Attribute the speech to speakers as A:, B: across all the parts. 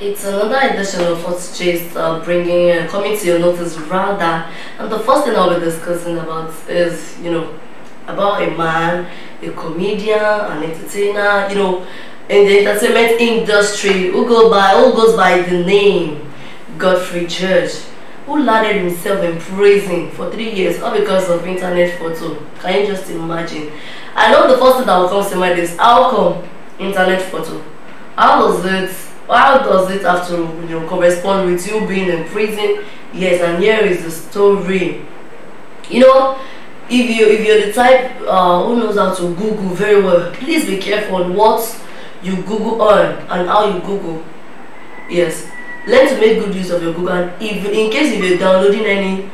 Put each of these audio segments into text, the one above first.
A: It's another edition of Hot Chase uh, bringing uh, coming to your notice rather and the first thing I'll be discussing about is you know about a man, a comedian, an entertainer, you know in the entertainment industry who go by who goes by the name Godfrey Church who landed himself in prison for three years all because of internet photo. Can you just imagine? I know the first thing that will come to mind is how come internet photo? How was it how does it have to you know, correspond with you being in prison? Yes, and here is the story. You know, if you if you're the type uh, who knows how to Google very well, please be careful on what you Google on and how you Google. Yes, learn to make good use of your Google. And if in case if you're downloading any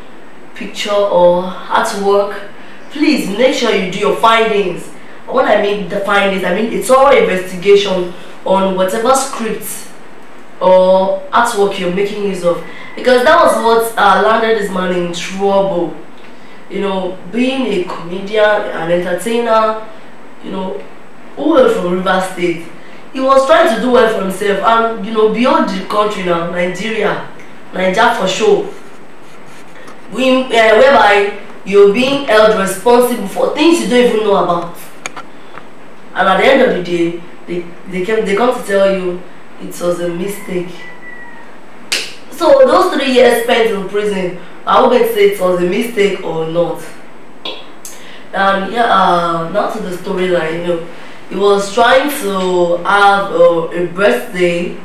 A: picture or artwork, please make sure you do your findings. When I mean the findings, I mean it's all investigation on whatever scripts or artwork you're making use of because that was what uh, landed this man in trouble you know being a comedian an entertainer you know who were from river state he was trying to do well for himself and you know beyond the country now nigeria naija for sure we, uh, whereby you're being held responsible for things you don't even know about and at the end of the day they, they, came, they come to tell you it was a mistake. So those three years spent in prison, I wouldn't say it was a mistake or not. And yeah, uh, now to the storyline, you know, he was trying to have uh, a birthday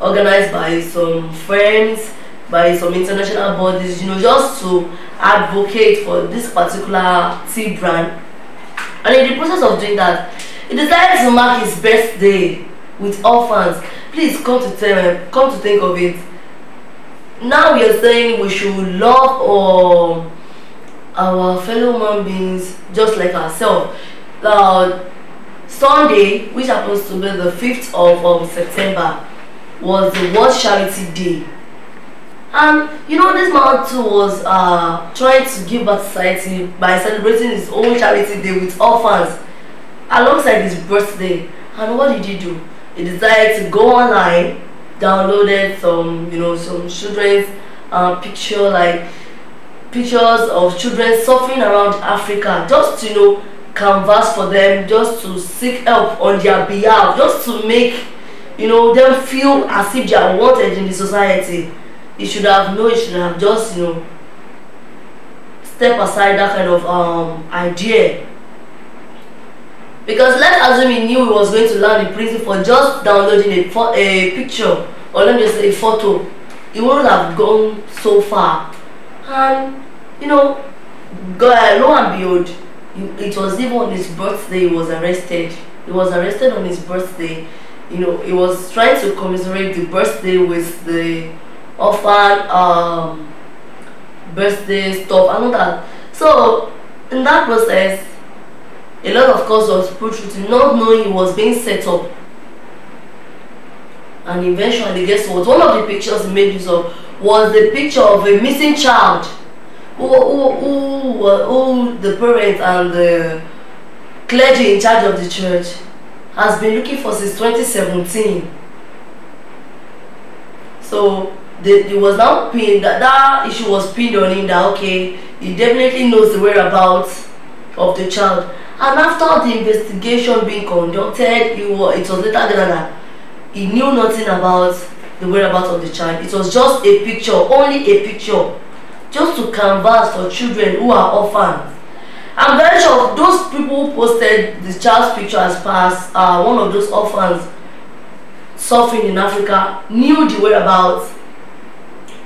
A: organized by some friends, by some international bodies, you know, just to advocate for this particular tea brand. And in the process of doing that, he decided to mark his birthday with orphans Please come to tell him, come to think of it. Now we are saying we should love or our fellow human beings just like ourselves. Uh, Sunday, which happens to be the 5th of um, September, was the World Charity Day. And you know, this man too was uh, trying to give back to society by celebrating his own charity day with orphans alongside his birthday. And what did he do? he decided to go online, downloaded some, you know, some children's uh, picture, like pictures of children suffering around Africa, just to you know, canvas for them, just to seek help on their behalf, just to make, you know, them feel as if they are wanted in the society. He should have known, he should have just, you know, step aside that kind of um, idea Because let's assume he knew he was going to land in prison for just downloading a, a picture or let me just say a photo. He wouldn't have gone so far. And, you know, God, eh, lo and behold, it was even on his birthday he was arrested. He was arrested on his birthday. You know, he was trying to commemorate the birthday with the orphan um, birthday stuff and all that. So, in that process, a lot of course put people to not knowing it was being set up. And eventually, guess what? One of the pictures he made use of was the picture of a missing child who, who, who, who the parents and the clergy in charge of the church has been looking for since 2017. So the, it was now pinned that, that issue was pinned on him that okay, he definitely knows the whereabouts of the child. And after the investigation being conducted, it was, it was later than that he knew nothing about the whereabouts of the child. It was just a picture, only a picture, just to canvas for children who are orphans. I'm very sure those people who posted the child's picture as past uh, one of those orphans suffering in Africa knew the whereabouts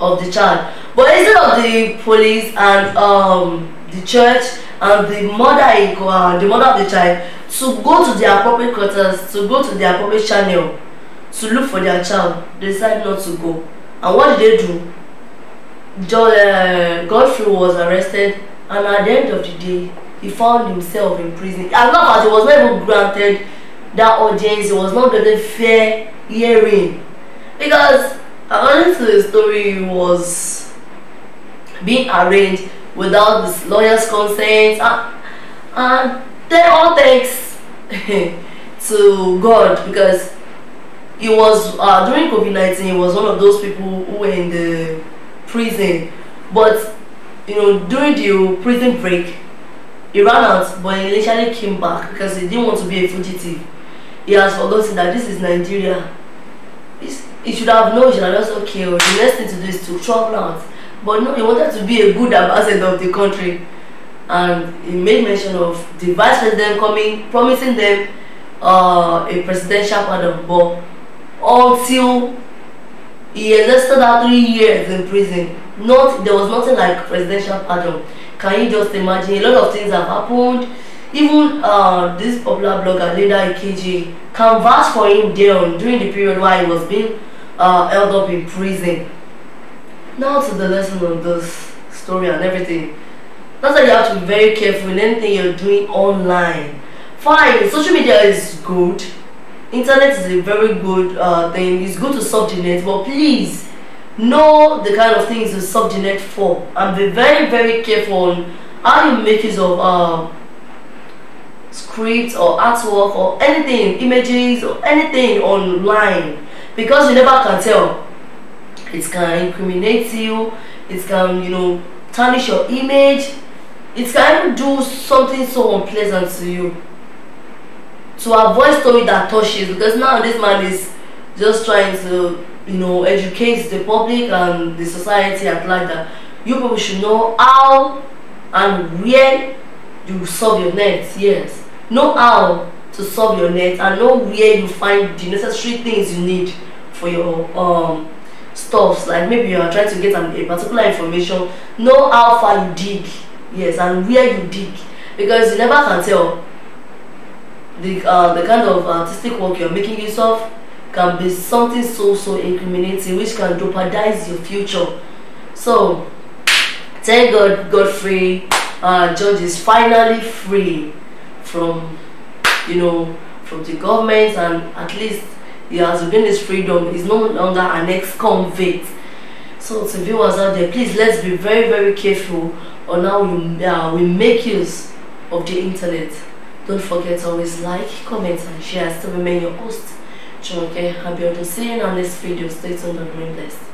A: of the child but instead of the police and um, the church and the mother in uh, the mother of the child to go to their appropriate quarters to go to their appropriate channel to look for their child they decide not to go and what did they do John uh, Godfrey was arrested and at the end of the day he found himself in prison as long as he was not even granted that audience he was not getting fair hearing because according to the story he was being arranged without the lawyer's consent and, uh, uh, then they all thanks to God because he was uh, during COVID-19 he was one of those people who were in the prison but you know during the prison break he ran out but he literally came back because he didn't want to be a fugitive he has forgotten that this is Nigeria he should have known that that's okay oh, the next thing to do is to travel out But no, he wanted to be a good ambassador of the country. And he made mention of the vice president coming, promising them uh, a presidential pardon. But until he existed out three years in prison, not there was nothing like presidential pardon. Can you just imagine? A lot of things have happened. Even uh, this popular blogger, Linda Ikeji, canvassed for him there during the period while he was being uh, held up in prison. Now to the lesson of this story and everything. That's why you have to be very careful in anything you're doing online. Fine, social media is good. Internet is a very good uh, thing. It's good to surf the net, but please know the kind of things you surf the net for and be very, very careful on how you make use of uh, scripts or artwork or anything, images or anything online because you never can tell it can incriminate you it can you know tarnish your image it can do something so unpleasant to you So avoid story that touches because now this man is just trying to you know educate the public and the society at large that you people should know how and where you solve your net yes know how to solve your net and know where you find the necessary things you need for your um stuffs like maybe you are trying to get an, a particular information know how far you dig yes and where you dig because you never can tell the uh, the kind of artistic work you're making use of can be something so so incriminating which can jeopardize your future so thank god godfrey uh, george is finally free from you know from the government and at least he has regained his freedom he's no longer an ex-convict so to viewers out there please let's be very very careful on how we, uh, we make use of the internet don't forget to always like comment and share I still remain your host Chonke Abiodun see you in our next video stay tuned and remain blessed